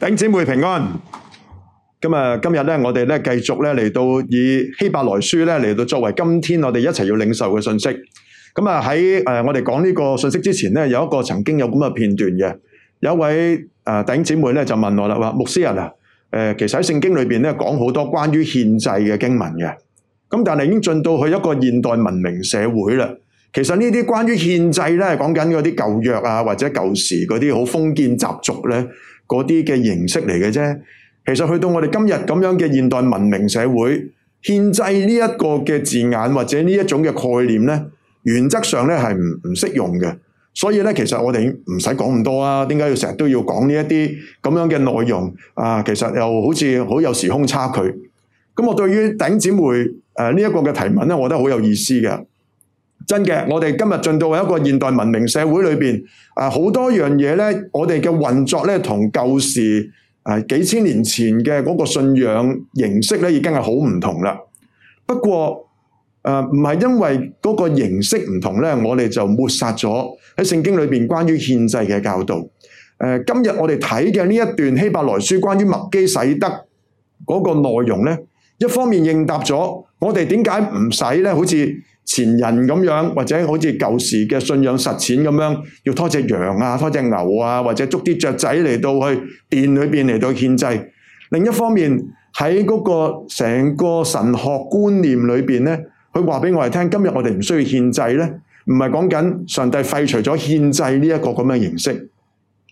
弟兄姊妹平安，咁啊，今日咧，我哋咧繼續咧嚟到以希伯來書咧嚟到作為今天我哋一齊要領受嘅信息。咁啊喺誒，我哋講呢個信息之前咧，有一個曾經有咁嘅片段嘅，有一位誒弟兄姊妹咧就問我啦，話牧師人啊，誒，其實喺聖經裏邊咧講好多關於獻祭嘅經文嘅，咁但係已經進到去一個現代文明社會啦。其實呢啲關於獻祭咧，係講緊嗰啲舊約啊或者舊時嗰啲好封建習俗咧，嗰啲嘅形式嚟嘅啫，其實去到我哋今日咁樣嘅現代文明社會，獻祭呢一個嘅字眼或者呢一種嘅概念咧，原則上咧係唔唔適用嘅。所以咧，其實我哋唔使講咁多啊。點解要成日都要講呢一啲咁樣嘅內容啊？其實又好似好有時空差距。咁我對於頂姊妹誒、呃這個、呢一個嘅提問咧，我覺得好有意思嘅。真嘅，我哋今日進到一個現代文明社會裏邊，啊，好多樣嘢呢，我哋嘅運作呢，同舊時誒、啊、幾千年前嘅嗰個信仰形式呢，已經係好唔同啦。不過誒，唔、啊、係因為嗰個形式唔同呢，我哋就抹殺咗喺聖經裏邊關於獻祭嘅教導啊。今日我哋睇嘅呢一段希伯來書關於麥基洗德嗰個內容呢，一方面應答咗我哋點解唔使呢，好似，前人咁樣，或者好似舊時嘅信仰實踐咁樣，要拖隻羊啊，拖隻牛啊，或者捉啲雀仔嚟到去殿裏邊嚟到獻祭。另一方面喺嗰個成個神學觀念裏面呢，佢話俾我哋聽，今日我哋唔需要獻祭呢，唔係講緊上帝廢除咗獻祭呢一個咁嘅形式，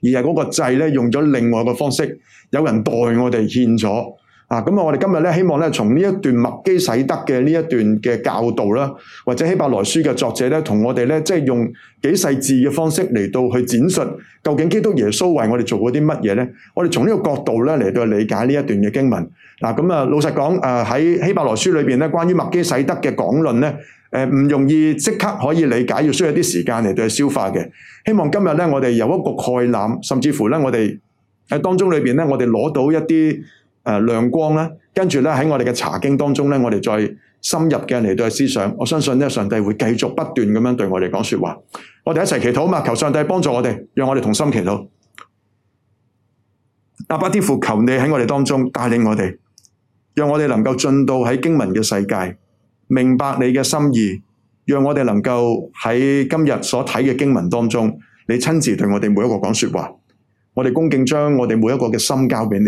而係嗰個祭呢，用咗另外個方式，有人代我哋獻咗。啊，咁啊，我哋今日咧，希望咧，從呢一段麥基洗德嘅呢一段嘅教導啦，或者希伯來書嘅作者咧，同我哋咧，即係用幾細緻嘅方式嚟到去展述，究竟基督耶穌為我哋做過啲乜嘢咧？我哋從呢個角度咧嚟到理解呢一段嘅經文。嗱，咁啊，老實講，誒喺希伯來書裏邊咧，關於麥基洗德嘅講論咧，誒唔容易即刻可以理解，要需要啲時間嚟到去消化嘅。希望今日咧，我哋有一個概覽，甚至乎咧，我哋喺當中裏邊咧，我哋攞到一啲。啊、亮光咧，跟住咧喺我哋嘅查經當中咧，我哋再深入嘅嚟到思想，我相信咧，上帝會繼續不斷咁樣對我哋講說話。我哋一齊祈禱嘛，求上帝幫助我哋，讓我哋同心祈禱。阿爸天父，求你喺我哋當中帶領我哋，讓我哋能夠進到喺經文嘅世界，明白你嘅心意，讓我哋能夠喺今日所睇嘅經文當中，你親自對我哋每一個講說話，我哋恭敬將我哋每一個嘅心交俾你。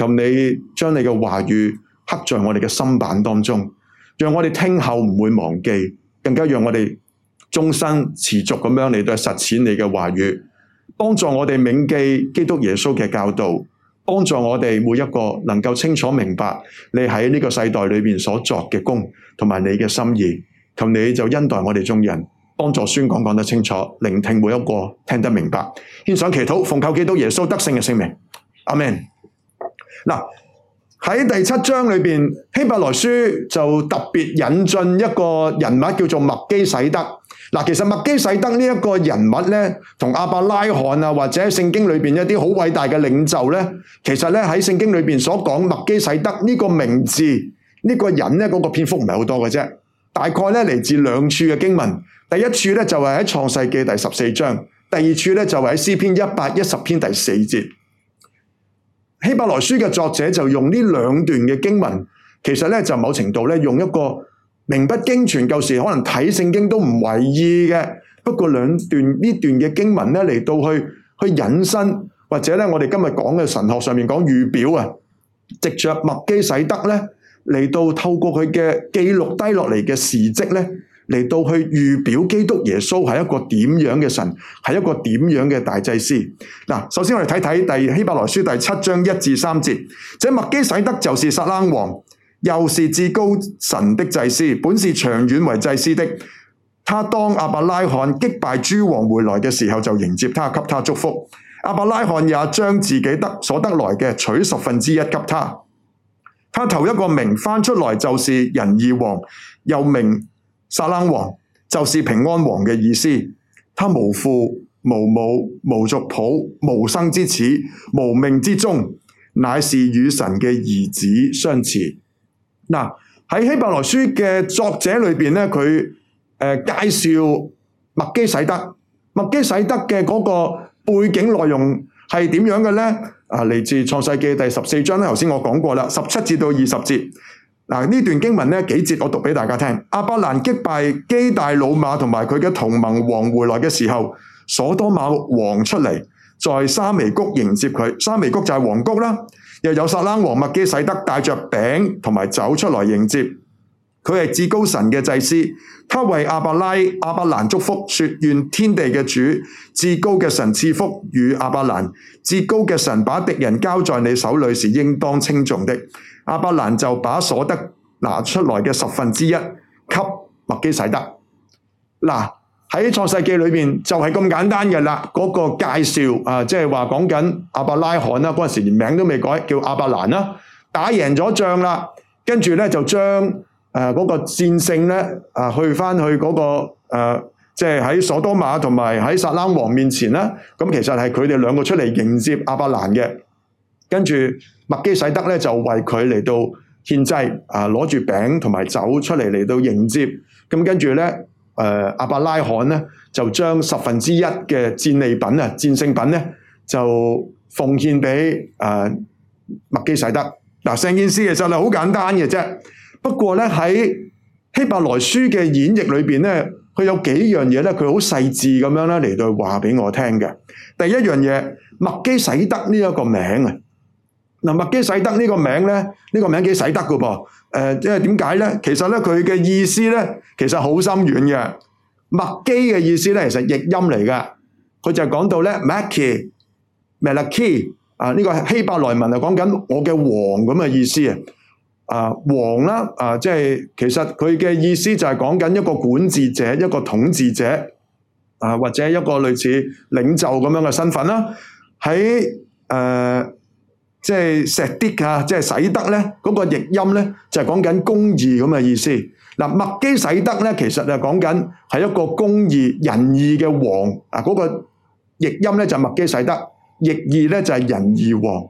求你將你嘅話語刻在我哋嘅心版當中，讓我哋聽後唔會忘記，更加讓我哋終身持續咁樣嚟到實踐你嘅話語，幫助我哋銘記基督耶穌嘅教導，幫助我哋每一個能夠清楚明白你喺呢個世代裏面所作嘅功同埋你嘅心意。求你就恩待我哋眾人，幫助宣講講得清楚，聆聽每一個聽得明白。獻上祈禱，奉靠基督耶穌得勝嘅聖名，阿門。嗱，喺第七章裏面，希伯來書就特別引進一個人物叫做麥基洗德。嗱，其實麥基洗德呢一個人物呢，同亞伯拉罕啊或者聖經裏面一啲好偉大嘅領袖呢，其實呢，喺聖經裏面所講麥基洗德呢個名字呢，這個人呢，嗰、那個篇幅唔係好多嘅啫。大概呢，嚟自兩處嘅經文，第一處呢，就係喺創世記第十四章，第二處呢，就係喺詩篇一百一十篇第四節。希伯來書嘅作者就用呢兩段嘅經文，其實呢，就某程度呢，用一個名不經傳，舊時可能睇聖經都唔為意嘅。不過兩段呢段嘅經文呢，嚟到去去引申，或者呢，我哋今日講嘅神學上面講預表啊，藉着麥基洗德呢，嚟到透過佢嘅記錄低落嚟嘅事跡呢，嚟到去預表基督耶穌係一個點樣嘅神，係一個點樣嘅大祭司。嗱，首先我哋睇睇第希伯來書第七章一至三節，這麥基洗德，就是撒冷王，又是至高神的祭司，本是長遠為祭司的。他當阿伯拉罕擊敗諸王回來嘅時候，就迎接他，給他祝福。阿伯拉罕也將自己得所得來嘅，取十分之一給他。他頭一個名翻出來就是仁義王，又名。撒冷王就是平安王嘅意思，他無父無母無族譜無生之始無命之終，乃是與神嘅兒子相似。嗱，喺希伯來書嘅作者裏面，咧，佢、呃、介紹麥基洗德，麥基洗德嘅嗰個背景內容係點樣嘅呢？啊，嚟自創世記第十四章啦，頭先我講過啦，十七節到二十節。嗱，呢段經文咧幾節，我讀俾大家聽。亞伯蘭擊敗基大老馬同埋佢嘅同盟王回來嘅時候，所多瑪王出嚟，在沙微谷迎接佢。沙微谷就係王谷啦，又有撒冷王麥基洗德帶着餅同埋酒出來迎接。佢係至高神嘅祭司，他為亞伯拉亞伯蘭祝福，說願天地嘅主，至高嘅神賜福與亞伯蘭。至高嘅神把敵人交在你手裏，是應當稱重的。阿伯蘭就把所得拿出來嘅十分之一給麥基洗德。嗱，喺創世記裏面就係、是、咁簡單嘅啦，嗰、那個介紹啊，即係話講緊阿伯拉罕啦，嗰陣時連名都未改，叫阿伯蘭啦，打贏咗仗啦，跟住呢，就將誒嗰個戰勝呢啊去返去嗰、那個誒，即係喺索多瑪同埋喺撒冷王面前呢。咁其實係佢哋兩個出嚟迎接阿伯蘭嘅。跟住麥基洗德咧，就為佢嚟到獻祭，啊攞住餅同埋酒出嚟嚟到迎接。咁、啊、跟住呢，誒、呃、亞伯拉罕呢，就將十分之一嘅戰利品啊、戰勝品呢，就奉獻俾誒麥基洗德。嗱、啊，成件事其實係好簡單嘅啫。不過呢，喺希伯來書嘅演繹裏邊呢，佢有幾樣嘢呢，佢好細緻咁樣咧嚟到話俾我聽嘅。第一樣嘢，麥基洗德呢一個名啊！嗱，麥基洗德呢個名咧，呢、這個名幾洗得噶噃？誒、呃，即係點解咧？其實咧，佢嘅意思咧，其實好深遠嘅。麥基嘅意思咧，其實譯音嚟嘅。佢就係講到咧，Mackie、Malaki 啊，呢、這個希伯來文就講緊我嘅王咁嘅意思啊。王啦，啊，即係其實佢嘅意思就係講緊一個管治者、一個統治者啊，或者一個類似領袖咁樣嘅身份啦。喺、啊即係石啲啊！即係洗德咧，嗰個譯音咧就係講緊公義咁嘅意思。嗱，麥基洗德咧，其實就講緊係一個公義仁義嘅王啊，嗰個譯音咧就係麥基洗德，譯義咧就係仁義王。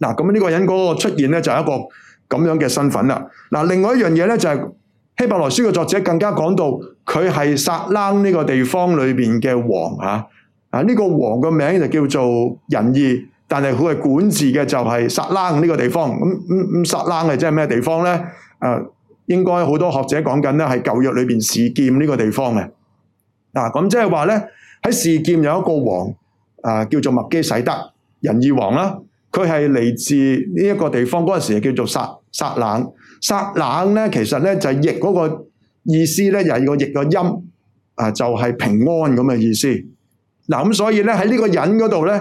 嗱，咁樣呢個人嗰個出現咧就係一個咁樣嘅身份啦。嗱，另外一樣嘢咧就係希伯來書嘅作者更加講到佢係撒冷呢個地方裏邊嘅王啊啊！呢個王嘅名就叫做仁義。但係佢係管治嘅就係撒冷呢個地方，咁咁咁撒冷係即係咩地方咧？誒，應該好多學者講緊咧，係舊約裏邊示劍呢個地方嘅。嗱，咁即係話咧喺示劍有一個王，誒，叫做麥基洗德仁義王啦。佢係嚟自呢一個地方，嗰陣時叫做撒撒冷。撒冷咧，其實咧就係譯嗰個意思咧，又係個譯個音，啊，就係平安咁嘅意思。嗱，咁所以咧喺呢個人嗰度咧。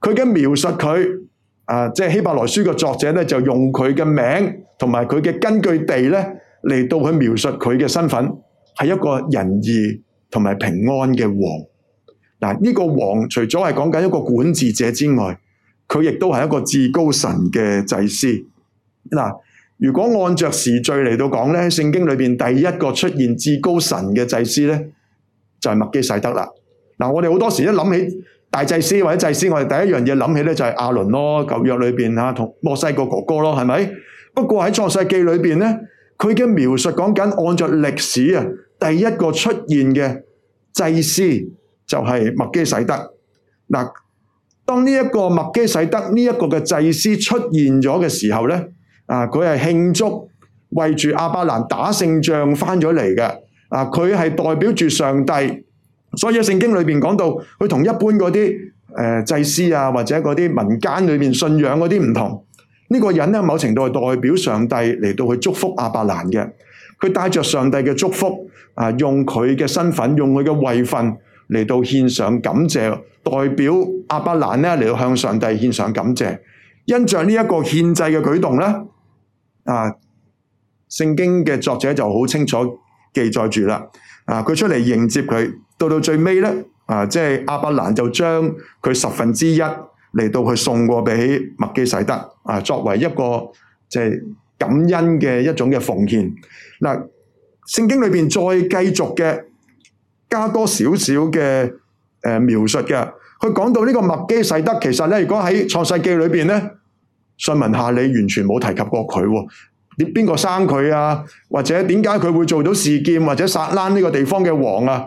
佢嘅描述他，佢啊，即係希伯來書嘅作者呢，就用佢嘅名同埋佢嘅根據地呢嚟到去描述佢嘅身份，係一個仁義同埋平安嘅王。嗱、啊，呢、這個王除咗係講緊一個管治者之外，佢亦都係一個至高神嘅祭司。嗱、啊，如果按照時序嚟到講呢，聖經裏面第一個出現至高神嘅祭司呢，就係、是、麥基洗德啦。嗱、啊，我哋好多時一諗起。大祭司或者祭司，我哋第一樣嘢諗起咧，就係亞倫咯，舊約裏邊吓同摩西個哥哥咯，係咪？不過喺創世記裏邊咧，佢嘅描述講緊按着歷史啊，第一個出現嘅祭司就係麥基洗德。嗱，當呢一個麥基洗德呢一個嘅祭司出現咗嘅時候咧，啊，佢係慶祝為住亞伯蘭打勝仗翻咗嚟嘅，啊，佢係代表住上帝。所以喺聖經裏邊講到，佢同一般嗰啲祭司啊，或者嗰啲民間裏邊信仰嗰啲唔同。呢個人咧，某程度係代表上帝嚟到去祝福亞伯蘭嘅。佢帶着上帝嘅祝福啊，用佢嘅身份，用佢嘅位份嚟到獻上感謝，代表亞伯蘭咧嚟到向上帝獻上感謝。因着呢一個獻祭嘅舉動呢，啊，聖經嘅作者就好清楚記載住啦。啊，佢出嚟迎接佢。到到最尾呢，啊，即、就、係、是、阿伯蘭就將佢十分之一嚟到去送過俾麥基洗德啊，作為一個即係、就是、感恩嘅一種嘅奉獻。嗱、啊，聖經裏邊再繼續嘅加多少少嘅描述嘅，佢講到呢個麥基洗德，其實呢，如果喺創世記裡面呢，想問下你完全冇提及過佢、哦，你邊個生佢啊？或者點解佢會做到事件，或者撒冷呢個地方嘅王啊？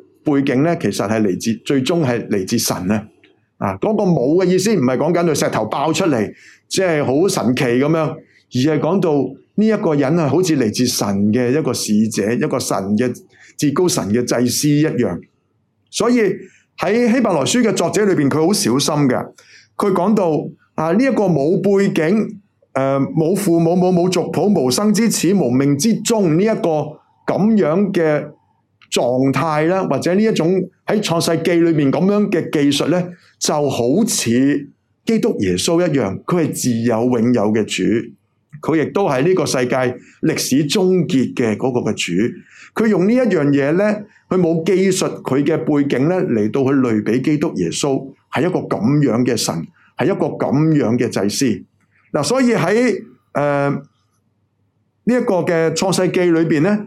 背景咧，其實係嚟自最終係嚟自神咧、啊。啊，嗰個冇嘅意思，唔係講緊到石頭爆出嚟，即係好神奇咁樣，而係講到呢一個人係、啊、好似嚟自神嘅一個使者，一個神嘅至高神嘅祭司一樣。所以喺希伯來書嘅作者裏邊，佢好小心嘅。佢講到啊，呢、這、一個冇背景，誒、呃、冇父冇母冇族譜無生之始無命之中呢一個咁樣嘅。狀態啦，或者呢一種喺創世記裏面咁樣嘅技術咧，就好似基督耶穌一樣，佢係自有永有嘅主，佢亦都係呢個世界歷史終結嘅嗰個嘅主。佢用呢一樣嘢咧，佢冇記述，佢嘅背景咧，嚟到去類比基督耶穌，係一個咁樣嘅神，係一個咁樣嘅祭司。嗱、啊，所以喺誒呢一個嘅創世記裏邊咧。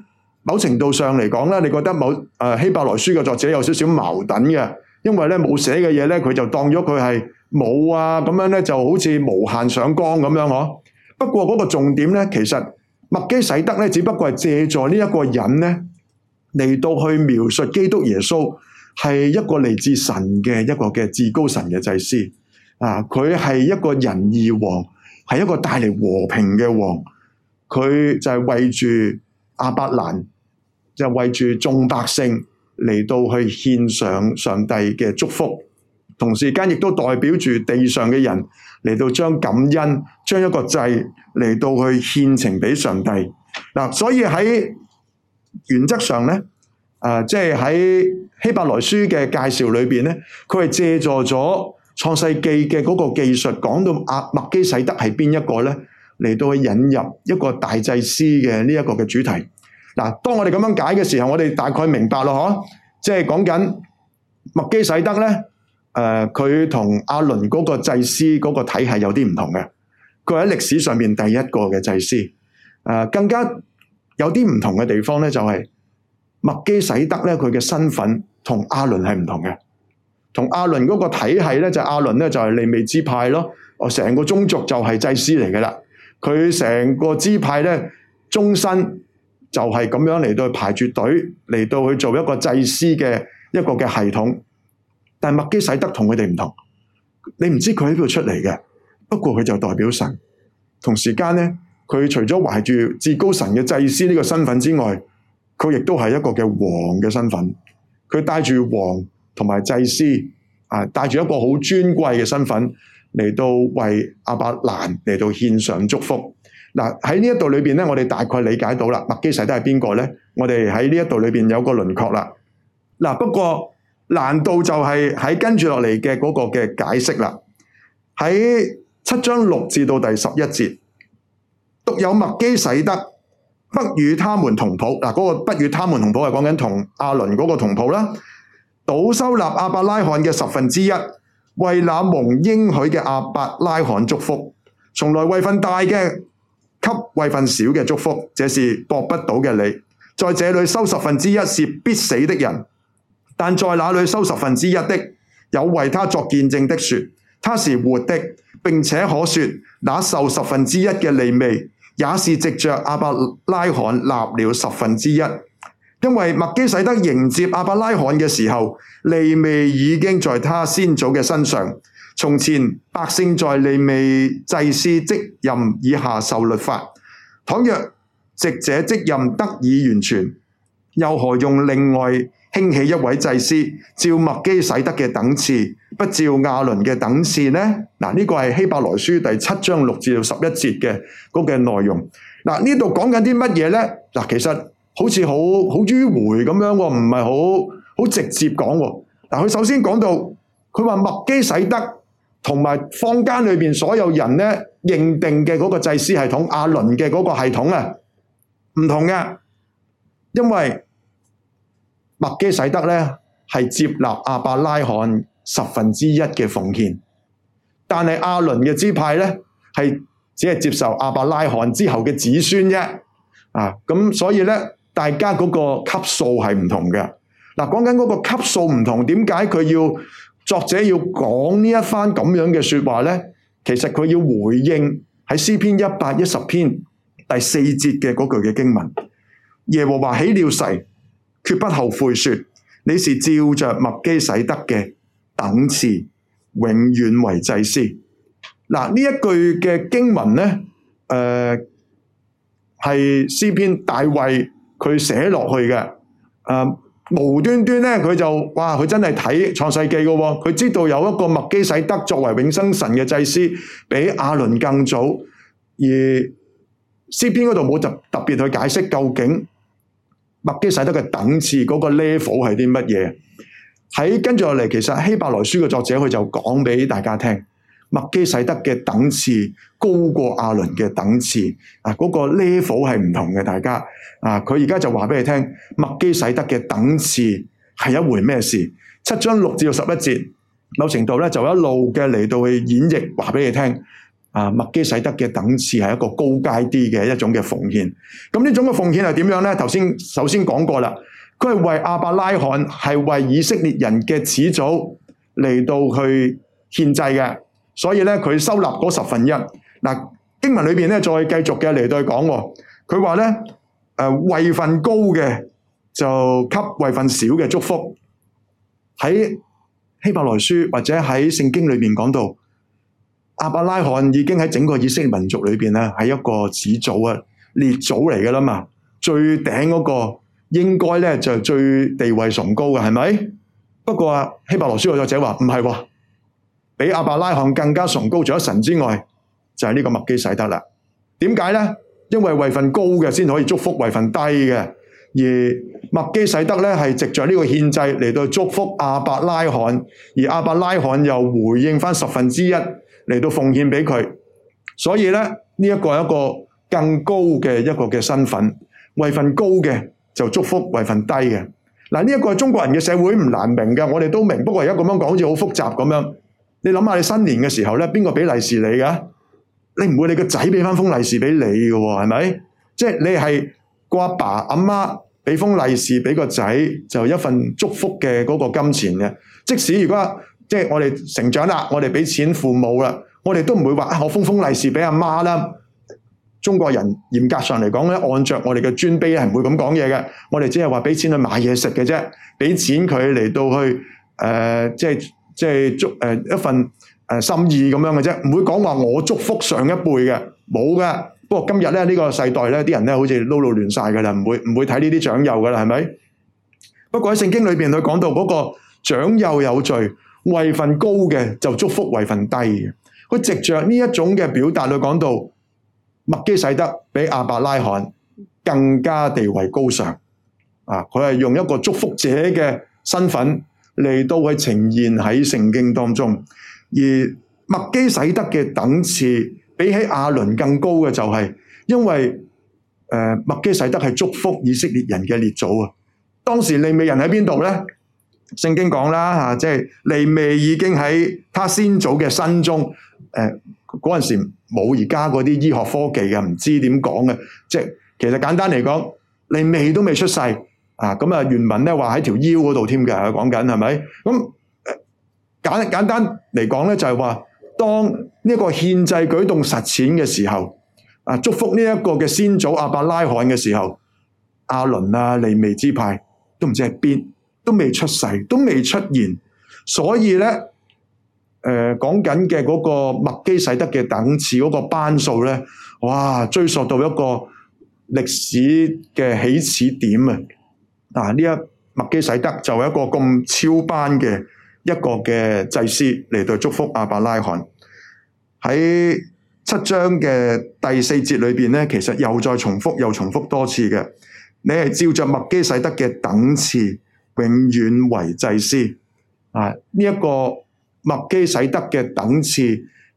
某程度上嚟講呢，你覺得某誒、呃、希伯來書嘅作者有少少矛盾嘅，因為咧冇寫嘅嘢呢，佢就當咗佢係冇啊，咁樣呢就好似無限上綱咁樣嗬。不過嗰個重點呢，其實麥基洗德呢，只不過係借助呢一個人呢，嚟到去描述基督耶穌係一個嚟自神嘅一個嘅至高神嘅祭司啊，佢係一個仁義王，係一個帶嚟和平嘅王，佢就係為住亞伯蘭，就為住眾百姓嚟到去獻上上帝嘅祝福，同時間亦都代表住地上嘅人嚟到將感恩、將一個祭嚟到去獻呈俾上帝。嗱，所以喺原則上咧，誒，即係喺希伯來書嘅介紹裏邊咧，佢係借助咗創世記嘅嗰個技術，講到阿麥基洗德係邊一個咧，嚟到去引入一個大祭司嘅呢一個嘅主題。嗱，當我哋咁樣解嘅時候，我哋大概明白咯，嗬，即係講緊麥基洗德呢，誒、呃，佢同阿倫嗰個祭司嗰個體系有啲唔同嘅。佢喺歷史上面第一個嘅祭司，誒、呃，更加有啲唔同嘅地方呢，就係麥基洗德呢，佢嘅身份同阿倫係唔同嘅。同阿倫嗰個體系呢，就係、阿倫呢，就係、係、利未支派咯，我成個宗族就係祭司嚟嘅啦。佢成個支派呢，終身。就係咁樣嚟到排住隊嚟到去做一個祭司嘅一個嘅系統，但係麥基洗德同佢哋唔同，你唔知佢喺邊度出嚟嘅，不過佢就代表神，同時間呢，佢除咗懷住至高神嘅祭司呢個身份之外，佢亦都係一個嘅王嘅身份，佢帶住王同埋祭司啊，帶住一個好尊貴嘅身份嚟到為亞伯蘭嚟到獻上祝福。嗱喺、啊、呢一度裏邊咧，我哋大概理解到啦，麥基洗德係邊個咧？我哋喺呢一度裏邊有個輪廓啦。嗱、啊，不過難度就係喺跟住落嚟嘅嗰個嘅解釋啦。喺七章六至到第十一節，獨有麥基洗德不與他們同譜。嗱、啊，嗰、那個不與他們同譜係講緊同亞倫嗰個同譜啦。倒收納亞伯拉罕嘅十分之一，為那蒙應許嘅亞伯拉罕祝福，從來位份大嘅，給位分小嘅祝福，這是駁不倒嘅理。在這裏收十分之一是必死的人，但在那裏收十分之一的，有為他作見證的說，他是活的，並且可說，那受十分之一嘅利未，也是藉着亞伯拉罕納了十分之一，因為麥基洗德迎接亞伯拉罕嘅時候，利未已經在他先祖嘅身上。從前百姓在利未祭司職任以下受律法，倘若直者職任得以完全，又何用另外興起一位祭司？照麥基洗德嘅等次，不照亞倫嘅等次呢？嗱，呢個係希伯來書第七章六至十一節嘅嗰個內容。嗱，呢度講緊啲乜嘢咧？嗱，其實好似好好迂回咁樣，唔係好好直接講。嗱，佢首先講到，佢話麥基洗德。同埋坊間裏邊所有人咧，認定嘅嗰個祭司系統，阿倫嘅嗰個系統啊，唔同嘅，因為麥基洗德呢係接納阿伯拉罕十分之一嘅奉獻，但係阿倫嘅支派呢係只係接受阿伯拉罕之後嘅子孫啫，啊，咁所以呢，大家嗰個級數係唔同嘅。嗱、啊，講緊嗰個級數唔同，點解佢要？作者要講呢一番咁樣嘅說話呢，其實佢要回應喺詩篇一百一十篇第四節嘅嗰句嘅經文。耶和華起了誓，絕不後悔，說你是照着麥基洗德嘅等次，永遠為祭司。嗱，呢一句嘅經文呢，誒、呃、係詩篇大衛佢寫落去嘅，誒、呃。無端端呢，佢就哇，佢真係睇創世記，嘅喎，佢知道有一個麥基洗德作為永生神嘅祭司，比亞倫更早。而詩篇嗰度冇就特別去解釋究竟麥基洗德嘅等次嗰、那個 level 係啲乜嘢。喺跟住落嚟，其實希伯來書嘅作者佢就講俾大家聽。麥基洗德嘅等次高過亞倫嘅等次啊，嗰個 level 係唔同嘅。大家啊，佢而家就話俾你聽，麥基洗德嘅等次係一回咩事？七章六至到十一節，某程度咧就一路嘅嚟到去演繹話俾你聽啊。麥基洗德嘅等次係一個高階啲嘅一種嘅奉獻。咁呢種嘅奉獻係點樣呢？頭先首先講過啦，佢係為亞伯拉罕係為以色列人嘅始祖嚟到去獻祭嘅。所以咧，佢收納嗰十分一。嗱，經文裏邊咧，再繼續嘅嚟對講喎。佢話咧，誒，位份高嘅就給位份少嘅祝福。喺希伯來書或者喺聖經裏邊講到，亞伯拉罕已經喺整個以色列民族裏邊咧，係一個始祖啊、列祖嚟噶啦嘛。最頂嗰個應該咧就係最地位崇高嘅係咪？不過啊，希伯來書作者話唔係喎。比阿伯拉罕更加崇高，除咗神之外，就係呢個麥基洗德啦。點解咧？因為位份高嘅先可以祝福位份低嘅，而麥基洗德咧係藉着呢個獻祭嚟到祝福阿伯拉罕，而阿伯拉罕又回應翻十分之一嚟到奉獻俾佢。所以咧，呢一個係一個更高嘅一個嘅身份，位份高嘅就祝福位份低嘅。嗱，呢一個係中國人嘅社會唔難明噶，我哋都明，不過而家咁樣講好似好複雜咁樣。你諗下，你新年嘅時候咧，邊個俾利是你嘅？你唔會你個仔俾翻封利是俾你嘅喎，係咪？即係你係個阿爸阿媽俾封利是俾個仔，就一份祝福嘅嗰個金錢嘅。即使如果即係我哋成長啦，我哋俾錢父母啦，我哋都唔會話我封封利是俾阿媽啦。中國人嚴格上嚟講呢，按著我哋嘅尊卑係唔會咁講嘢嘅。我哋只係話俾錢去買嘢食嘅啫，俾錢佢嚟到去誒、呃，即係。即係祝，誒一份誒，心意咁樣嘅啫，唔會講話我祝福上一輩嘅冇嘅。不過今日咧，呢個世代咧，啲人咧，好似撈撈亂晒嘅啦，唔會唔會睇呢啲長幼嘅啦，係咪？不過喺聖經裏邊佢講到嗰個長幼有序，位份高嘅就祝福位份低嘅。佢藉着呢一種嘅表達，佢講到麥基洗德比亞伯拉罕更加地位高尚。啊，佢係用一個祝福者嘅身份。你都會呈現喺聖經當中，而麥基洗德嘅等次比起亞倫更高嘅就係，因為誒、呃、麥基洗德係祝福以色列人嘅列祖啊。當時利未人喺邊度呢？聖經講啦吓，即、啊、係、就是、利未已經喺他先祖嘅身中。誒、呃，嗰陣時冇而家嗰啲醫學科技嘅，唔知點講嘅。即係其實簡單嚟講，利未都未出世。啊，咁啊，原文呢話喺條腰嗰度添嘅，講緊係咪？咁簡簡單嚟講呢，就係話當呢一個獻祭舉動實踐嘅時候，啊，祝福呢一個嘅先祖阿伯拉罕嘅時候，阿倫啊、利未支派都唔知喺邊，都未出世，都未出現，所以呢，誒，講緊嘅嗰個麥基洗德嘅等次嗰個班數呢，哇，追溯到一個歷史嘅起始點啊！嗱，呢、啊、一麥基洗德就係一個咁超班嘅一個嘅祭司嚟到祝福亞伯拉罕。喺七章嘅第四節裏邊咧，其實又再重複又重複多次嘅。你係照着麥基洗德嘅等次，永遠為祭司。啊，呢、這、一個麥基洗德嘅等次，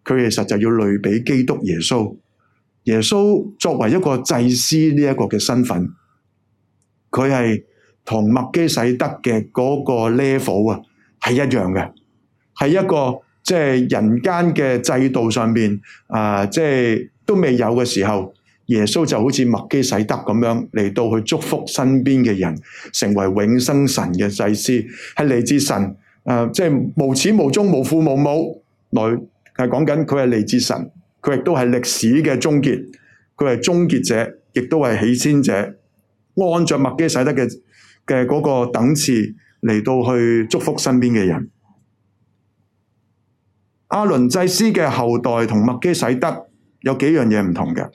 佢其實就要類比基督耶穌。耶穌作為一個祭司呢一個嘅身份，佢係，同麥基洗德嘅嗰個 level 啊，係一樣嘅，係一個即係人間嘅制度上面，啊，即係都未有嘅時候，耶穌就好似麥基洗德咁樣嚟到去祝福身邊嘅人，成為永生神嘅祭司，係嚟自神啊，即係無始無終、無父無母，來係講緊佢係嚟自神，佢亦都係歷史嘅終結，佢係終結者，亦都係起先者，按照麥基洗德嘅嘅嗰個等次嚟到去祝福身邊嘅人。阿倫祭司嘅後代同麥基洗德有幾樣嘢唔同嘅。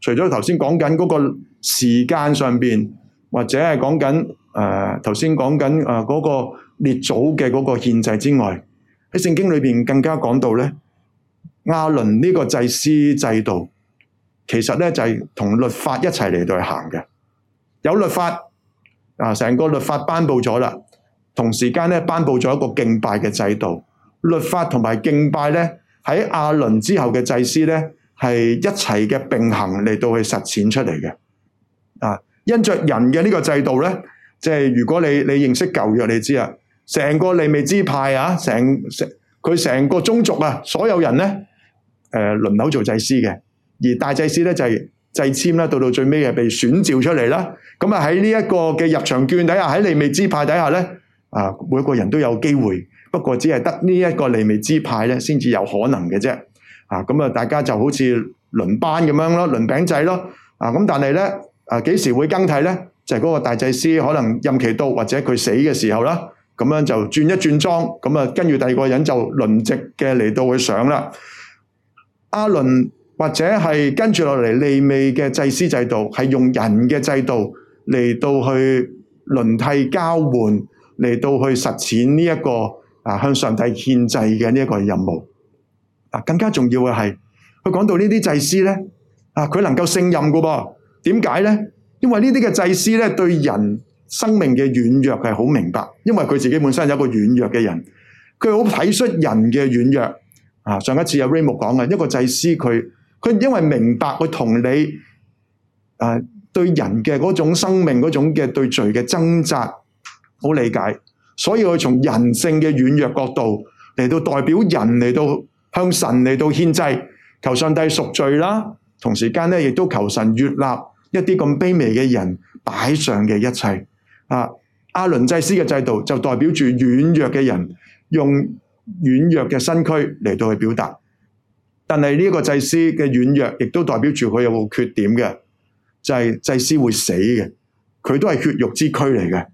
除咗頭先講緊嗰個時間上面，或者係講緊誒頭先講緊誒嗰個列祖嘅嗰個憲制之外，喺聖經裏面更加講到呢，阿倫呢個祭司制度，其實呢就係同律法一齊嚟到去行嘅，有律法。啊！成個律法頒布咗啦，同時間呢頒布咗一個敬拜嘅制度。律法同埋敬拜呢，喺亞倫之後嘅祭司呢，係一齊嘅並行嚟到去實踐出嚟嘅。啊！因着人嘅呢個制度呢，即係如果你你認識舊約，你知啊，成個利未支派啊，成成佢成個宗族啊，所有人呢誒輪流做祭司嘅，而大祭司呢，就係。制簽啦，到到最尾係被選召出嚟啦。咁啊喺呢一個嘅入場券底下，喺利未支派底下咧，啊每一個人都有機會，不過只係得呢一個利未支派咧先至有可能嘅啫。啊咁啊，大家就好似輪班咁樣咯，輪餅仔咯。啊咁，但係咧啊幾時會更替咧？就係嗰個大祭司可能任期到，或者佢死嘅時候啦，咁樣就轉一轉莊，咁啊跟住第二個人就輪值嘅嚟到去上啦。亞倫。或者係跟住落嚟利未嘅祭司制度，係用人嘅制度嚟到去輪替交換，嚟到去實踐呢一個啊，向上帝獻祭嘅呢一個任務啊。更加重要嘅係佢講到呢啲祭司咧，啊佢能夠勝任㗎噃。點解咧？因為呢啲嘅祭司咧，對人生命嘅軟弱係好明白，因為佢自己本身係一個軟弱嘅人，佢好體恤人嘅軟弱啊。上一次有 Raymond 講嘅一個祭司佢。佢因為明白佢同你，誒對人嘅嗰種生命嗰種嘅對罪嘅掙扎好理解，所以佢從人性嘅軟弱角度嚟到代表人嚟到向神嚟到獻祭，求上帝贖罪啦。同時間咧，亦都求神悅納一啲咁卑微嘅人擺上嘅一切。啊，亞倫祭司嘅制度就代表住軟弱嘅人用軟弱嘅身軀嚟到去表達。但係呢一個祭司嘅軟弱，亦都代表住佢有個缺點嘅，就係祭司會死嘅，佢都係血肉之軀嚟嘅。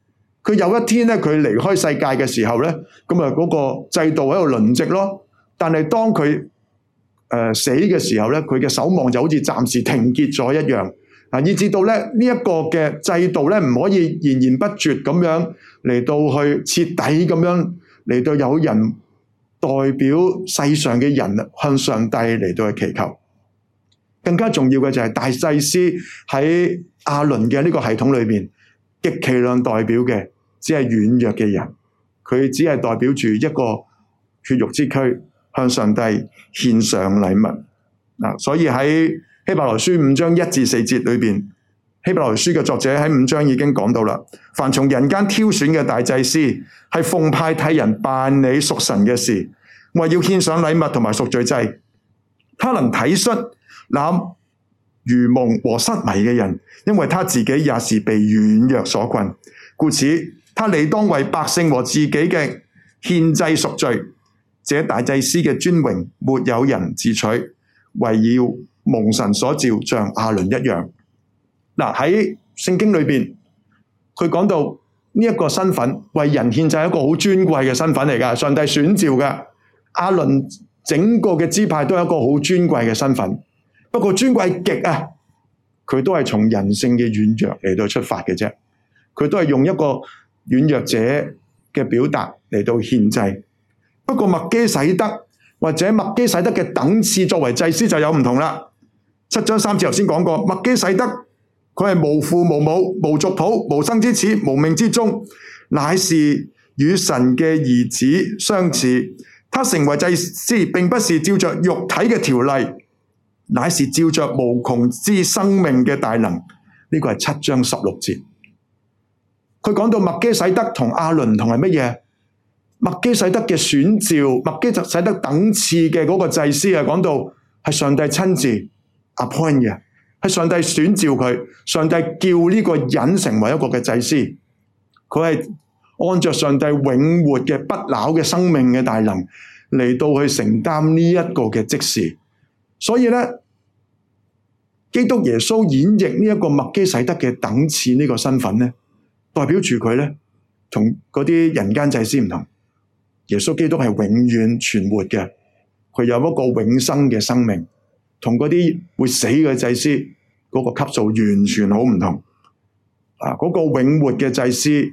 佢有一天咧，佢離開世界嘅時候咧，咁啊嗰個制度喺度輪值咯。但係當佢誒死嘅時候咧，佢嘅守望就好似暫時停結咗一樣，啊，以至到咧呢一個嘅制度咧唔可以綿延不絕咁樣嚟到去徹底咁樣嚟到有人。代表世上嘅人向上帝嚟到去祈求，更加重要嘅就係大祭司喺亞倫嘅呢個系統裏邊，極其量代表嘅只係軟弱嘅人，佢只係代表住一個血肉之軀向上帝獻上禮物嗱，所以喺希伯來書五章一至四節裏邊，希伯來書嘅作者喺五章已經講到啦，凡從人間挑選嘅大祭司係奉派替人辦理屬神嘅事。為要獻上禮物同埋贖罪祭，他能體恤那愚蒙和失迷嘅人，因為他自己也是被軟弱所困，故此他理當為百姓和自己嘅獻祭贖罪。這大祭司嘅尊榮，沒有人自取，唯要蒙神所召，像亞倫一樣。嗱，喺聖經裏邊，佢講到呢一個身份，為人獻祭係一個好尊貴嘅身份嚟㗎，上帝選召㗎。阿倫整個嘅支派都有一個好尊貴嘅身份，不過尊貴極啊。佢都係從人性嘅軟弱嚟到出發嘅啫。佢都係用一個軟弱者嘅表達嚟到獻祭。不過麥基洗德或者麥基洗德嘅等次作為祭司就有唔同啦。七章三節頭先講過麥基洗德，佢係無父無母、無族譜、無生之始、無命之終，乃是與神嘅兒子相似。他成為祭司，並不是照着肉體嘅條例，乃是照着無窮之生命嘅大能。呢、這個係七章十六節。佢講到麥基洗德同亞倫同係乜嘢？麥基洗德嘅選召，麥基洗德等次嘅嗰個祭司啊，講到係上帝親自 appoint 嘅，係上帝選召佢，上帝叫呢個人成為一個嘅祭司，佢係。按著上帝永活嘅不朽嘅生命嘅大能嚟到去承擔呢一個嘅職事。所以呢，基督耶穌演繹呢、這、一個麥基洗德嘅等次呢個身份呢，代表住佢呢同嗰啲人間祭司唔同。耶穌基督係永遠存活嘅，佢有一個永生嘅生命，同嗰啲會死嘅祭司嗰、那個級數完全好唔同。啊，嗰個永活嘅祭司。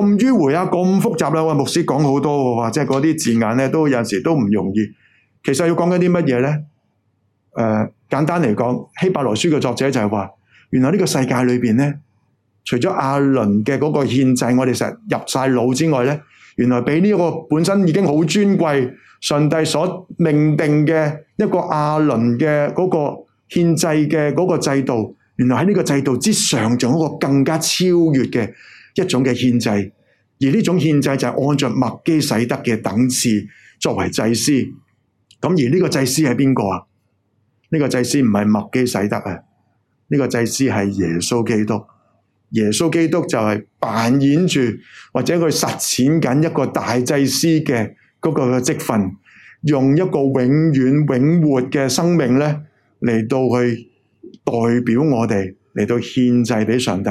咁迂回啊，咁複雜啦，啊！我，哎，牧師講好多嘅，啊，話，即係嗰啲字眼咧，都有時都唔容易。其實要講緊啲乜嘢咧？誒，呃，簡單嚟講，《希伯來書》嘅作者就係話，原來呢個世界裏邊咧，除咗亞倫嘅嗰個憲制，我哋成日入晒腦之外咧，原來俾呢一個本身已經好尊貴、上帝所命定嘅一個亞倫嘅嗰個憲制嘅嗰個制度，原來喺呢個制度之上，仲有一個更加超越嘅。一種嘅獻祭，而呢種獻祭就係按照麥基洗德嘅等次作為祭司。咁而呢個祭司係邊個啊？呢個祭司唔係麥基洗德啊，呢個祭司係耶穌基督。耶穌基督就係扮演住或者佢實踐緊一個大祭司嘅嗰個職份，用一個永遠永活嘅生命咧嚟到去代表我哋嚟到獻祭俾上帝。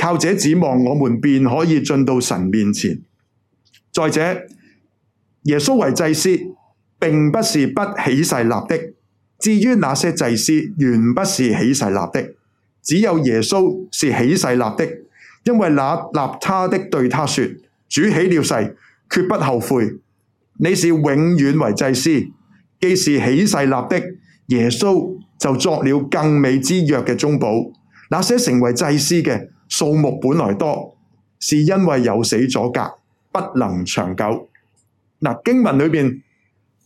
靠這指望，我們便可以進到神面前。再者，耶穌為祭司並不是不起誓立的。至於那些祭司，原不是起誓立的，只有耶穌是起誓立的，因為那立他的對他說：主起了誓，決不後悔。你是永遠為祭司，既是起誓立的，耶穌就作了更美之約嘅中保。那些成為祭司嘅。數目本來多，是因為有死阻隔，不能長久。嗱、啊，經文裏面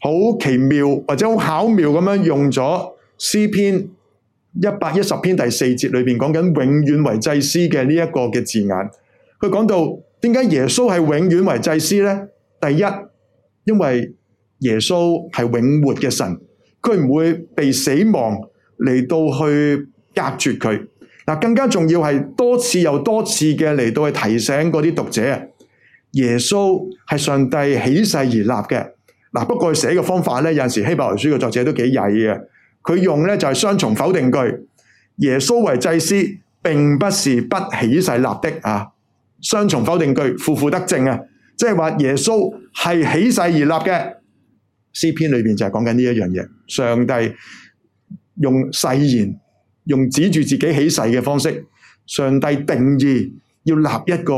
好奇妙或者好巧妙咁樣用咗詩篇一百一十篇第四節裏面講緊永遠為祭司嘅呢一個嘅字眼。佢講到點解耶穌係永遠為祭司呢？第一，因為耶穌係永活嘅神，佢唔會被死亡嚟到去隔絕佢。更加重要係多次又多次嘅嚟到去提醒嗰啲讀者，耶穌係上帝起誓而立嘅。嗱，不過佢寫嘅方法呢，有陣時候希伯來書嘅作者都幾曳嘅。佢用咧就係雙重否定句：耶穌為祭司，並不是不起誓立的啊！雙重否定句，負負得正啊！即係話耶穌係起誓而立嘅。詩篇裏面就係講緊呢一樣嘢，上帝用誓言。用指住自己起誓嘅方式，上帝定意要立一個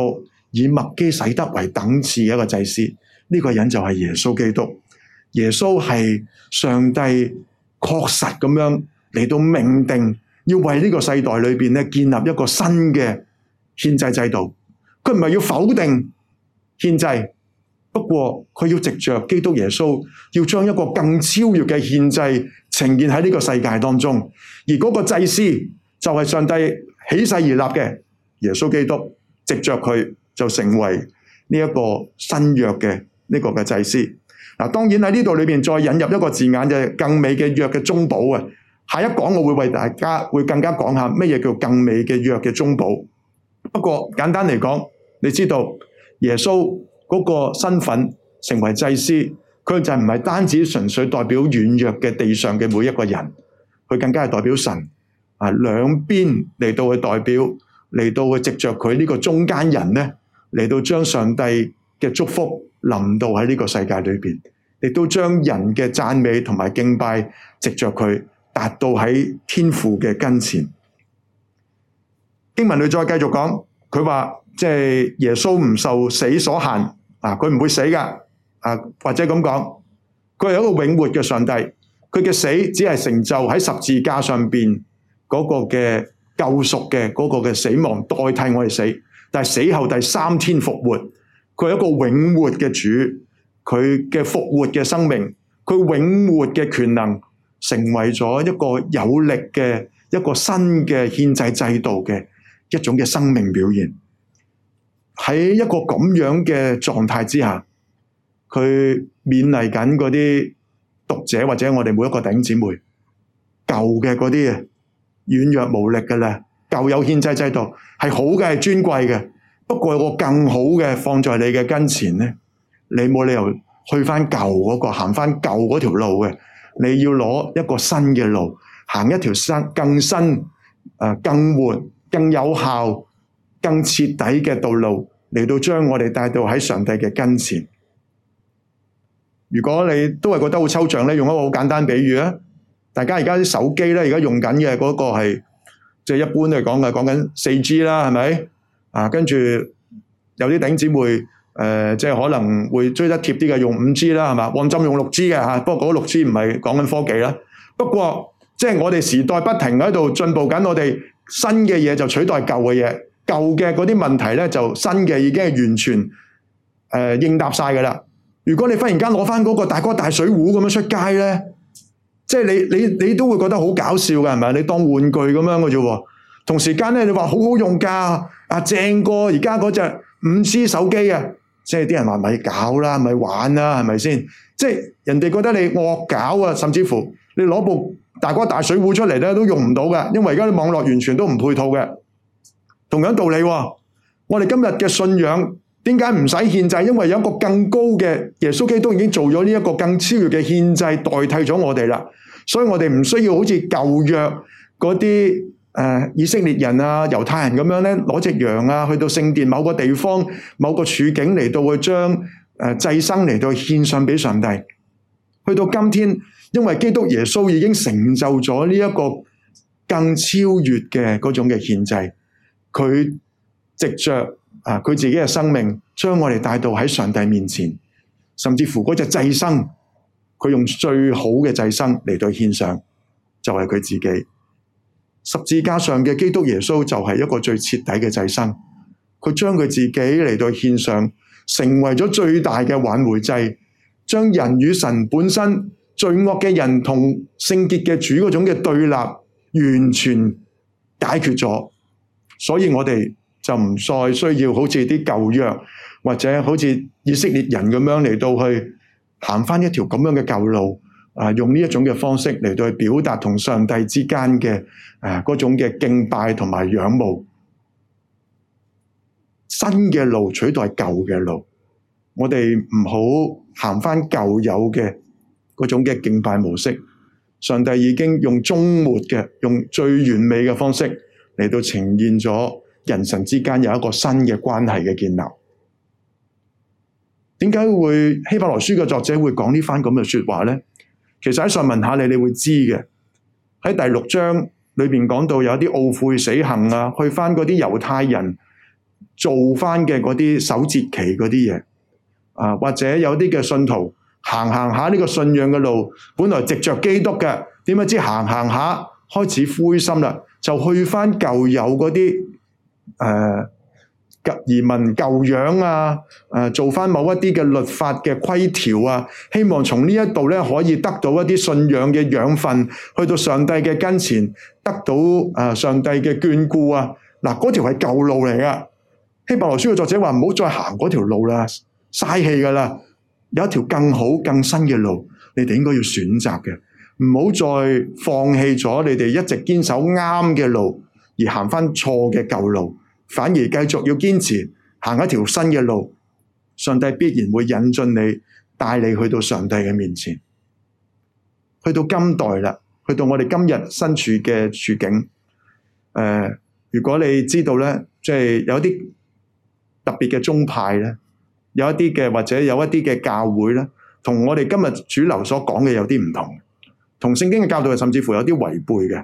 以麥基洗德為等次嘅一個祭司，呢、這個人就係耶穌基督。耶穌係上帝確實咁樣嚟,到命定，要為呢個世代裏邊咧建立一個新嘅獻祭制度。佢唔係要否定獻祭，不過佢要藉着基督耶穌，要將一個更超越嘅獻祭，呈現喺呢個世界當中，而嗰個祭司就係上帝起誓而立嘅耶穌基督，藉着佢就成為呢一個新約嘅呢個嘅祭司。嗱，當然喺呢度裏面再引入一個字眼，就係、是、更美嘅約嘅中保啊！下一講我會為大家會更加講下乜嘢叫更美嘅約嘅中保。不過簡單嚟講，你知道耶穌嗰個身份成為祭司。佢就唔係單止純粹代表軟弱嘅地上嘅每一個人，佢更加係代表神啊兩邊嚟到去代表嚟到去藉着佢呢個中間人咧，嚟到將上帝嘅祝福臨到喺呢個世界裏邊，亦都將人嘅讚美同埋敬拜藉着佢達到喺天父嘅跟前。經文裏再繼續講，佢話即係耶穌唔受死所限啊，佢唔會死噶。啊，或者咁講，佢係一個永活嘅上帝，佢嘅死只係成就喺十字架上面嗰個嘅救贖嘅嗰個嘅死亡，代替我哋死。但係死後第三天復活，佢係一個永活嘅主，佢嘅復活嘅生命，佢永活嘅權能，成為咗一個有力嘅一個新嘅憲制制度嘅一種嘅生命表現。喺一個咁樣嘅狀態之下。佢勉勵緊嗰啲讀者，或者我哋每一個弟兄姐妹，舊嘅嗰啲軟弱無力嘅呢，舊有獻祭制度係好嘅，係尊貴嘅。不過有個更好嘅放在你嘅跟前呢，你冇理由去翻舊嗰、嗰個行翻舊嗰條路嘅。你要攞一個新嘅路，行一條新更新、誒、呃、更活、更有效、更徹底嘅道路嚟到將我哋帶到喺上帝嘅跟前。如果你都係覺得好抽象呢，用一個好簡單的比喻咧，大家而家啲手機呢，而家用緊嘅嗰個係即、就是、一般嚟講嘅，講緊四 G 啦，係咪？啊，跟住有啲頂尖會誒，即、呃就是、可能會追得貼啲嘅，用五 G 啦，係嘛？旺浸用六 G 嘅嚇，啊、那個不過嗰六 G 唔係講緊科技啦。不過即係、就是、我哋時代不停喺度進步緊，我哋新嘅嘢就取代舊嘅嘢，舊嘅嗰啲問題咧就新嘅已經係完全誒、呃、應答曬嘅啦。如果你忽然間攞翻嗰個大哥大水壺咁樣出街呢，即係你你你都會覺得好搞笑噶，係咪？你當玩具咁樣嘅啫，同時間呢，你話好好用噶，啊正過而家嗰隻五 G 手機啊，即係啲人話咪搞啦，咪玩啦，係咪先？即係人哋覺得你惡搞啊，甚至乎你攞部大哥大水壺出嚟呢都用唔到嘅，因為而家啲網絡完全都唔配套嘅。同樣道理，我哋今日嘅信仰。點解唔使獻祭？因為有一個更高嘅耶穌基督已經做咗呢一個更超越嘅獻祭，代替咗我哋啦。所以我哋唔需要好似舊約嗰啲、呃、以色列人啊、猶太人咁樣咧，攞隻羊啊，去到聖殿某個地方、某個處境嚟到去將誒、呃、祭牲嚟到獻上俾上帝。去到今天，因為基督耶穌已經成就咗呢一個更超越嘅嗰種嘅獻祭，佢藉着。啊！佢自己嘅生命將我哋帶到喺上帝面前，甚至乎嗰隻祭牲，佢用最好嘅祭牲嚟到獻上，就係、是、佢自己十字架上嘅基督耶穌，就係一個最徹底嘅祭牲。佢將佢自己嚟到獻上，成為咗最大嘅挽回祭，將人與神本身罪惡嘅人同聖潔嘅主嗰種嘅對立，完全解決咗。所以我哋。就唔再需要好似啲舊約，或者好似以色列人咁樣嚟到去行返一條咁樣嘅舊路，啊，用呢一種嘅方式嚟到去表達同上帝之間嘅誒嗰種嘅敬拜同埋仰慕。新嘅路取代舊嘅路，我哋唔好行返舊有嘅嗰種嘅敬拜模式。上帝已經用終末嘅，用最完美嘅方式嚟到呈現咗。人神之間有一個新嘅關係嘅建立，點解會希伯來書嘅作者會講呢番咁嘅説話呢？其實喺上文下理，你會知嘅喺第六章裏面講到有啲懊悔死行啊，去翻嗰啲猶太人做翻嘅嗰啲守節期嗰啲嘢啊，或者有啲嘅信徒行行下呢個信仰嘅路，本來藉着基督嘅，點解知行行下開始灰心啦，就去翻舊有嗰啲。誒、呃，移民舊樣啊！誒、呃，做翻某一啲嘅律法嘅規條啊，希望從呢一度咧可以得到一啲信仰嘅養分，去到上帝嘅跟前，得到誒、呃、上帝嘅眷顧啊！嗱、啊，嗰條係舊路嚟噶，《希伯來書》嘅作者話唔好再行嗰條路啦，嘥氣噶啦，有一條更好、更新嘅路，你哋應該要選擇嘅，唔好再放棄咗你哋一直堅守啱嘅路，而行翻錯嘅舊路。反而繼續要堅持行一條新嘅路，上帝必然會引進你，帶你去到上帝嘅面前。去到今代啦，去到我哋今日身處嘅處境，誒、呃，如果你知道咧，即、就、係、是、有啲特別嘅宗派咧，有一啲嘅或者有一啲嘅教會咧，同我哋今日主流所講嘅有啲唔同，同聖經嘅教導係甚至乎有啲違背嘅。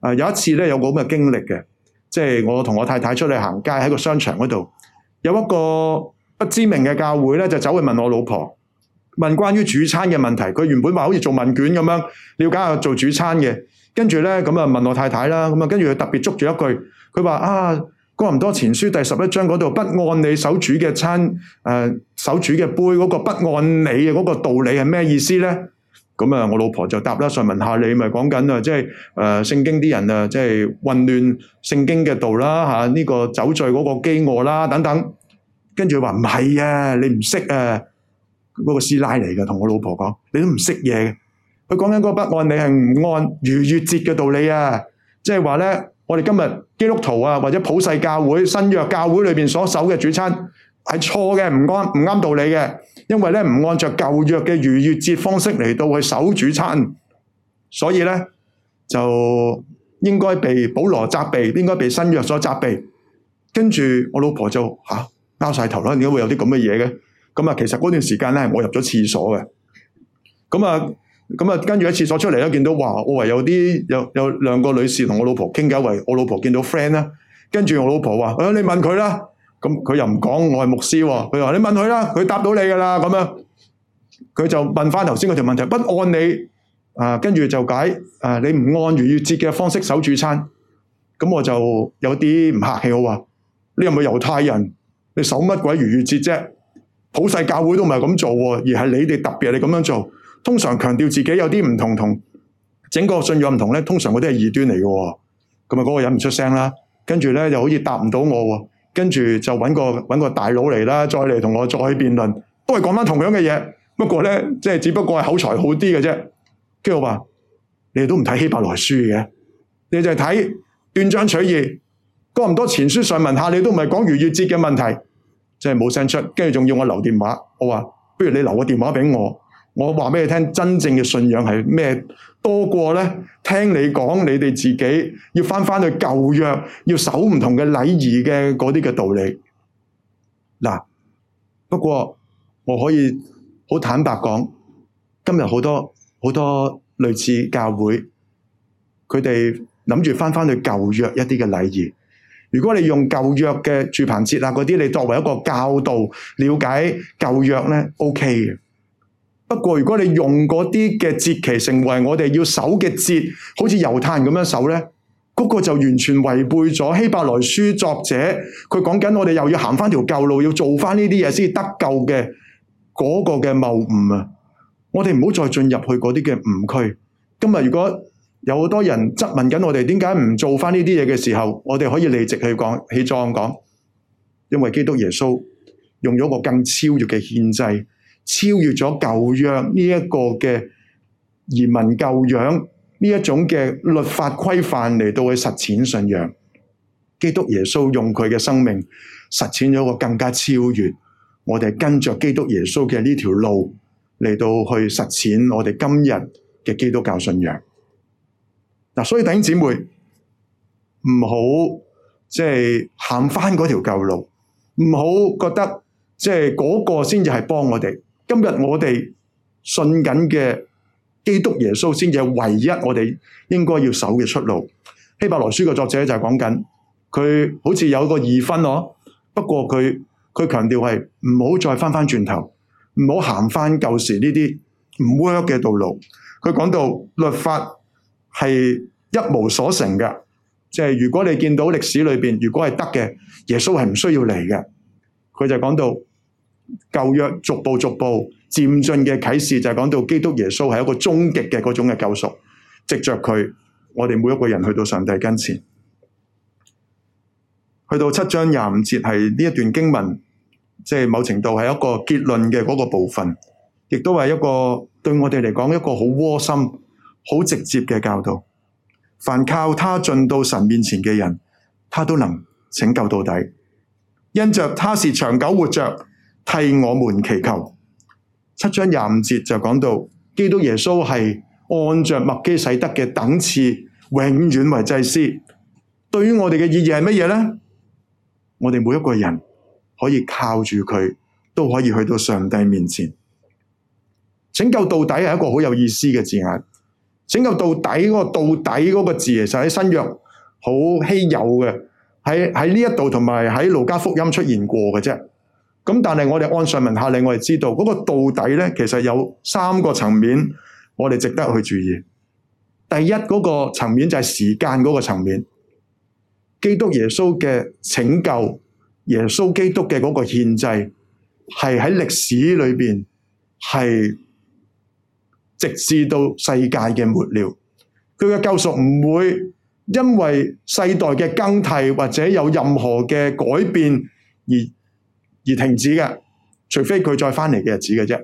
啊、呃，有一次咧有個咁嘅經歷嘅。即係我同我太太出去行街喺個商場嗰度，有一個不知名嘅教會咧，就走去問我老婆問關於主餐嘅問題。佢原本話好似做問卷咁樣，了解下做主餐嘅。跟住咧咁啊問我太太啦，咁啊跟住佢特別捉住一句，佢話啊哥林多前書第十一章嗰度不按你手主嘅餐誒手主嘅杯嗰、嗰個不按你嘅嗰個道理係咩意思咧？我老婆就答啦，想問下你咪講緊即係聖、呃、經啲人即係混亂聖經嘅道啦，呢、這個酒醉嗰個饑餓啦等等，跟住話唔係啊，你唔識啊，嗰、那個師奶嚟㗎，同我老婆講，你都唔識嘢，佢講緊嗰個不，是不按你係唔按逾越節嘅道理啊，即係話咧，我哋今日基督徒啊或者普世教會新約教會裏面所守嘅主餐。係錯嘅，唔安啱道理嘅，因為呢，唔按照舊約嘅逾越節方式嚟到去守主餐，所以呢，就應該被保羅責備，應該被新約所責備。跟住我老婆就啊，拗晒頭啦，點解會有啲咁嘅嘢嘅？咁啊，其實嗰段時間呢，我入咗廁所嘅。咁啊，咁啊，跟住喺廁所出嚟呢，見到話我有啲有有兩個女士同我老婆傾偈，我老婆見到 friend 啦，跟住我老婆話：啊，你問佢啦。咁佢又唔講，我係牧師、哦。佢話：你問佢啦，佢答到你噶啦。咁樣佢就問翻頭先嗰條問題，不按你啊，跟住就解啊。你唔按逾越節嘅方式守主餐，咁我就有啲唔客氣。我話你係咪猶太人？你守乜鬼逾越節啫？普世教會都唔係咁做、哦，而係你哋特別嚟咁樣做。通常強調自己有啲唔同，同整個信仰唔同呢，通常嗰啲係異端嚟嘅、哦。咁啊，嗰個人唔出聲啦，跟住咧又好似答唔到我、哦。跟住就揾個，個大佬嚟啦，再嚟同我再去辯論，都係講返同樣嘅嘢。不過呢，即係只不過係口才好啲嘅啫。跟住我話：你哋都唔睇希伯來書嘅，你就睇斷章取義。哥林多前書上文下，你都唔係講逾越節嘅問題，即係冇聲出。跟住仲要我留電話，我話不如你留個電話俾我，我話俾你聽，真正嘅信仰係咩？多過呢，聽你講你哋自己要返返去舊約，要守唔同嘅禮儀嘅嗰啲嘅道理。嗱，不過我可以好坦白講，今日好多好多類似教會，佢哋諗住返返去舊約一啲嘅禮儀。如果你用舊約嘅住棚節啊嗰啲，你作為一個教導了解舊約呢 OK 嘅。OK 不過如果你用嗰啲嘅節期成為我哋要守嘅節，好似猶太人咁樣守咧，嗰個就完全違背咗希伯來書作者佢講緊我哋又要行翻條舊路，要做翻呢啲嘢先得救嘅嗰個嘅謬誤啊！我哋唔好再進入去嗰啲嘅誤區。今日如果有好多人質問緊我哋點解唔做翻呢啲嘢嘅時候，我哋可以理直氣壯咁講，因為基督耶穌用咗個更超越嘅憲制。超越咗舊約呢一個嘅移民舊約呢一種嘅律法規範嚟到去實踐信仰，基督耶穌用佢嘅生命實踐咗個更加超越。我哋跟着基督耶穌嘅呢條路嚟到去實踐我哋今日嘅基督教信仰。嗱，所以弟兄姊妹唔好即係行返嗰條舊路，唔好覺得即係嗰個先至係幫我哋。今日我哋信緊嘅基督耶穌，先至係唯一我哋應該要守嘅出路。希伯來書嘅作者就係講緊，佢好似有個二分咯，不過佢佢強調係唔好再翻翻轉頭，唔好行翻舊時呢啲唔 work 嘅道路。佢講到律法係一無所成嘅，就係如果你見到歷史裏面如果係得嘅，耶穌係唔需要嚟嘅。佢就講到。舊約逐步逐步漸進嘅啟示就係講到基督耶穌係一個終極嘅嗰種嘅救贖，藉着佢，我哋每一個人去到上帝跟前。去到七章廿五節係呢一段經文，即係某程度係一個結論嘅嗰個部分，亦都係一個對我哋嚟講一個好窩心、好直接嘅教導。凡靠他進到神面前嘅人，他都能拯救到底，因着他是長久活着。替我們祈求，七章廿五節就講到基督耶穌係按着麥基洗德嘅等次永遠為祭司。對於我哋嘅意義係乜嘢呢？我哋每一個人可以靠住佢，都可以去到上帝面前。拯救到底係一個好有意思嘅字眼。拯救到底嗰個到底嗰個字，其實喺新約好稀有嘅，喺喺呢一度同埋喺路加福音出現過嘅啫。咁但係我哋按上文下理，我哋知道嗰個到底咧，其實有三個層面，我哋值得去注意。第一嗰個層面就係時間嗰個層面，基督耶穌嘅拯救，耶穌基督嘅嗰個獻祭，係喺歷史裏邊係直至到世界嘅末了，佢嘅救贖唔會因為世代嘅更替或者有任何嘅改變而。而停止嘅，除非佢再返嚟嘅日子嘅啫。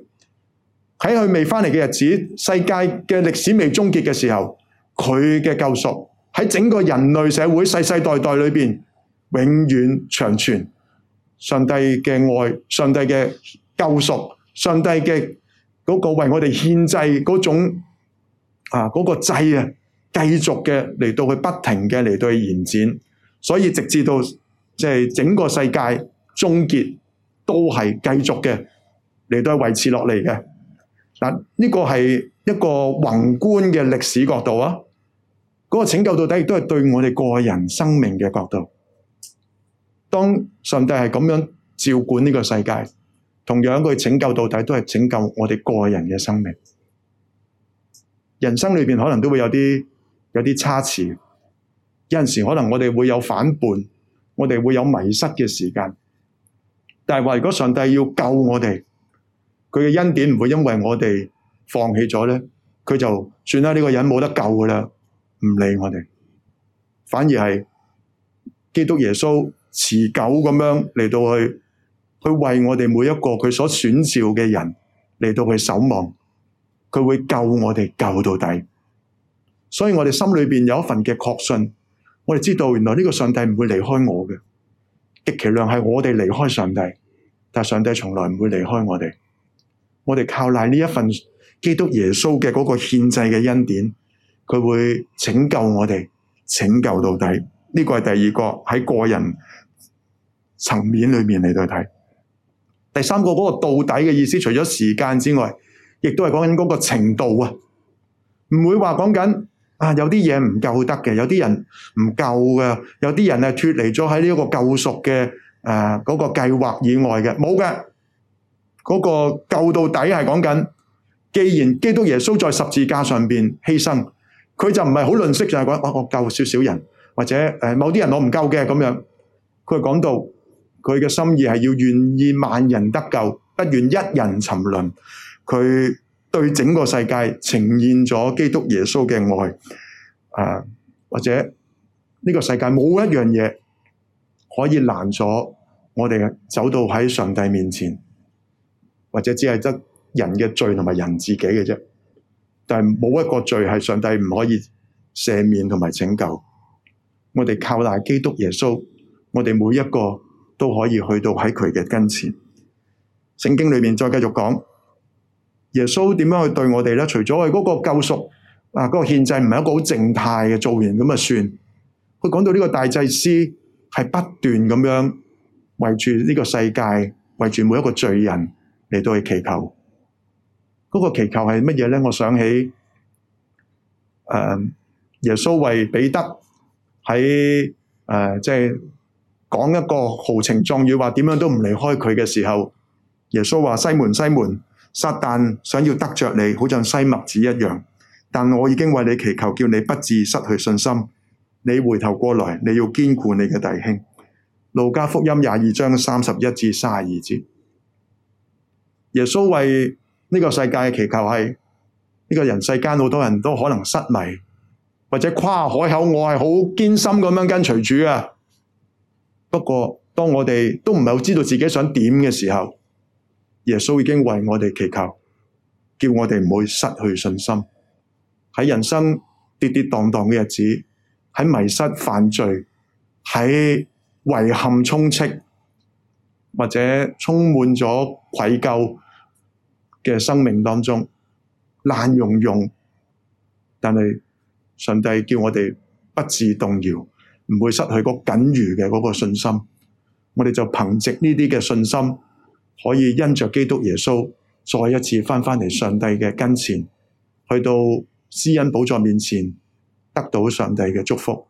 喺佢未返嚟嘅日子，世界嘅歷史未終結嘅時候，佢嘅救贖喺整個人類社會世世代代裏邊永遠長存。上帝嘅愛，上帝嘅救贖，上帝嘅嗰個為我哋獻祭嗰種啊，嗰個祭啊，繼續嘅嚟到去不停嘅嚟到去延展，所以直至到即係整個世界終結。都係繼續嘅，嚟到維持落嚟嘅。但呢個係一個宏觀嘅歷史角度啊。嗰個拯救到底亦都係對我哋個人生命嘅角度。當上帝係咁樣照管呢個世界，同樣佢拯救到底都係拯救我哋個人嘅生命。人生裏邊可能都會有啲有啲差池，有陣時可能我哋會有反叛，我哋會有迷失嘅時間。但係話，如果上帝要救我哋，佢嘅恩典唔會因為我哋放棄咗咧，佢就算啦呢、這個人冇得救噶啦，唔理我哋，反而係基督耶穌持久咁樣嚟到去，去為我哋每一個佢所選召嘅人嚟到去守望，佢會救我哋救到底。所以我哋心裏面有一份嘅確信，我哋知道原來呢個上帝唔會離開我嘅。極其量係我哋離開上帝，但上帝從來唔會離開我哋。我哋靠賴呢一份基督耶穌嘅嗰個獻祭嘅恩典，佢會拯救我哋，拯救到底。呢、這個係第二個喺個人層面裏面嚟睇。第三個嗰、那個到底嘅意思，除咗時間之外，亦都係講緊嗰個程度啊，唔會話講緊。啊！有啲嘢唔救得嘅，有啲人唔救嘅，有啲人啊脱離咗喺呢一個救贖嘅誒嗰個計劃以外嘅，冇嘅。嗰個救到底係講緊，既然基督耶穌在十字架上面犧牲，佢就唔係好吝嗇，就係講，我我救少少人，或者誒某啲人我唔救嘅咁樣。佢講到佢嘅心意係要願意萬人得救，不願一人沉淪。佢。對整個世界呈現咗基督耶穌嘅愛，啊，或者呢個世界冇一樣嘢可以攔阻我哋走到喺上帝面前，或者只係得人嘅罪同埋人自己嘅啫。但係冇一個罪係上帝唔可以赦免同埋拯救。我哋靠賴基督耶穌，我哋每一個都可以去到喺佢嘅跟前。聖經裏面再繼續講。耶穌點樣去對我哋呢？除咗佢嗰個救贖啊，嗰、啊、個獻祭唔係一個好靜態嘅造型咁啊算。佢講到呢個大祭司係不斷咁樣為住呢個世界、為住每一個罪人嚟到去祈求。嗰、啊、個祈求係乜嘢呢？我想起誒、啊，耶穌為彼得喺誒即係講一個豪情壯語，話點樣都唔離開佢嘅時候，耶穌話：西門，西門。撒但想要得着你，好像篩麥子一樣，但我已經為你祈求，叫你不至失去信心。你回頭過來，你要堅固你嘅弟兄。路加福音廿二章三十一至三十二節，耶穌為呢個世界祈求係呢，這個人世間好多人都可能失迷，或者誇海口。我係好堅心咁樣跟隨主啊！不過當我哋都唔係好知道自己想點嘅時候。耶穌已經為我哋祈求，叫我哋唔會失去信心。喺人生跌跌蕩蕩嘅日子，喺迷失、犯罪、喺遺憾、充斥或者充滿咗愧疚嘅生命當中，爛溶溶。但係上帝叫我哋不致動搖，唔會失去嗰僅餘嘅嗰個信心。我哋就憑借呢啲嘅信心，可以因着基督耶穌再一次翻返嚟上帝嘅跟前，去到施恩寶座面前，得到上帝嘅祝福。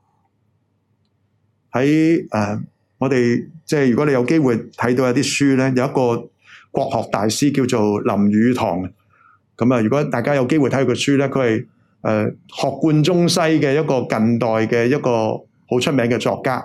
喺誒、呃，我哋即係如果你有機會睇到一啲書咧，有一個國學大師叫做林語堂，咁、嗯、啊，如果大家有機會睇佢嘅書咧，佢係誒學貫中西嘅一個近代嘅一個好出名嘅作家。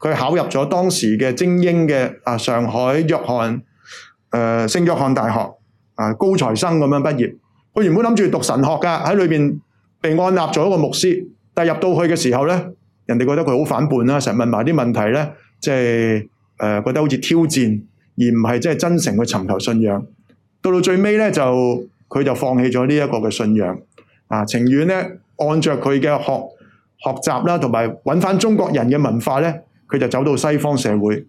佢考入咗當時嘅精英嘅、啊、上海約翰誒聖、呃、約翰大學、啊、高材生咁樣畢業。佢原本諗住讀神學㗎，喺裏面被按立做一個牧師。但係入到去嘅時候咧，人哋覺得佢好反叛啦，成日問埋啲問題咧，即、就、係、是呃、覺得好似挑戰，而唔係真誠去尋求信仰。到到最尾咧，就佢就放棄咗呢一個嘅信仰啊，情願咧按照佢嘅學學習啦，同埋揾翻中國人嘅文化咧。佢就走到西方社會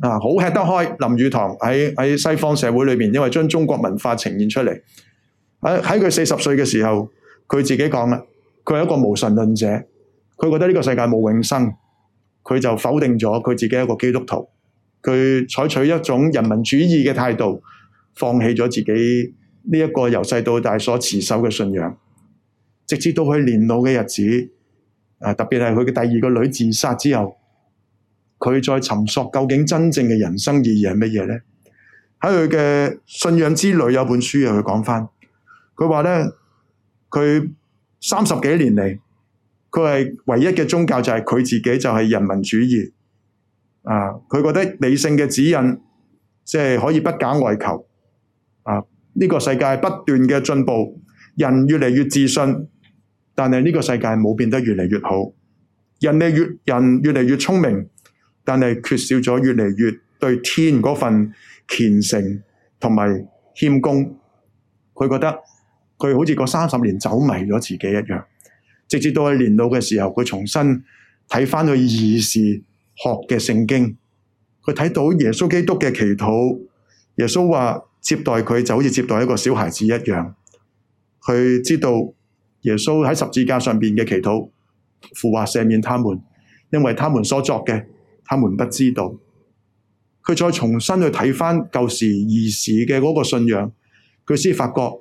啊，好吃得開。林語堂喺喺西方社會裏邊，因為將中國文化呈現出嚟。喺喺佢四十歲嘅時候，佢自己講啦，佢係一個無神論者，佢覺得呢個世界冇永生，佢就否定咗佢自己係一個基督徒，佢採取一種人民主義嘅態度，放棄咗自己呢一個由細到大所持守嘅信仰，直至到佢年老嘅日子，啊，特別係佢嘅第二個女自殺之後。佢再尋索究竟真正嘅人生意義係乜嘢咧？喺佢嘅信仰之旅有本書啊，佢講返，佢話咧，佢三十幾年嚟，佢係唯一嘅宗教就係佢自己就係人民主義。啊！佢覺得理性嘅指引即係可以不假外求。啊！呢個世界不斷嘅進步，人越嚟越自信，但係呢個世界冇變得越嚟越好。人哋越人越嚟越聰明。但係缺少咗越嚟越對天嗰份虔誠同埋謙恭，佢覺得佢好似嗰三十年走迷咗自己一樣。直至到佢年老嘅時候，佢重新睇返佢兒時學嘅聖經，佢睇到耶穌基督嘅祈禱，耶穌話接待佢就好似接待一個小孩子一樣。佢知道耶穌喺十字架上面嘅祈禱，父話赦免他們，因為他們所作嘅。他們不知道，佢再重新去睇返舊時、兒時嘅嗰個信仰，佢先發覺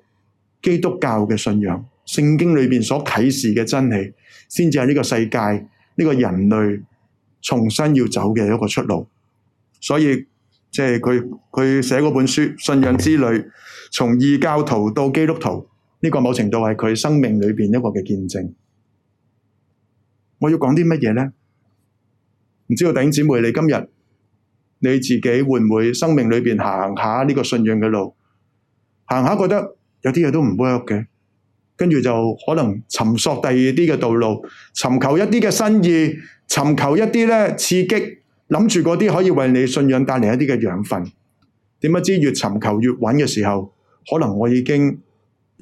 基督教嘅信仰、聖經裏面所啟示嘅真理，先至係呢個世界呢個人類重新要走嘅一個出路。所以，即係佢佢寫嗰本書《信仰之旅》，從異教徒到基督徒，呢個某程度係佢生命裏面一個嘅見證。我要講啲乜嘢咧？唔知道弟兄姐妹，你今日你自己會唔會生命裏面行下呢個信仰嘅路？行下覺得有啲嘢都唔 work 嘅，跟住就可能尋索第二啲嘅道路，尋求一啲嘅新意，尋求一啲咧刺激，諗住嗰啲可以為你信仰帶嚟一啲嘅養分。點不知越尋求越揾嘅時候，可能我已經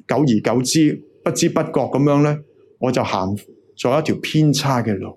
久而久之不知不覺咁樣呢，我就行咗一條偏差嘅路。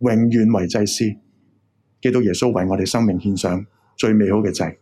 永遠為祭司，基督耶穌為我哋生命獻上最美好嘅祭。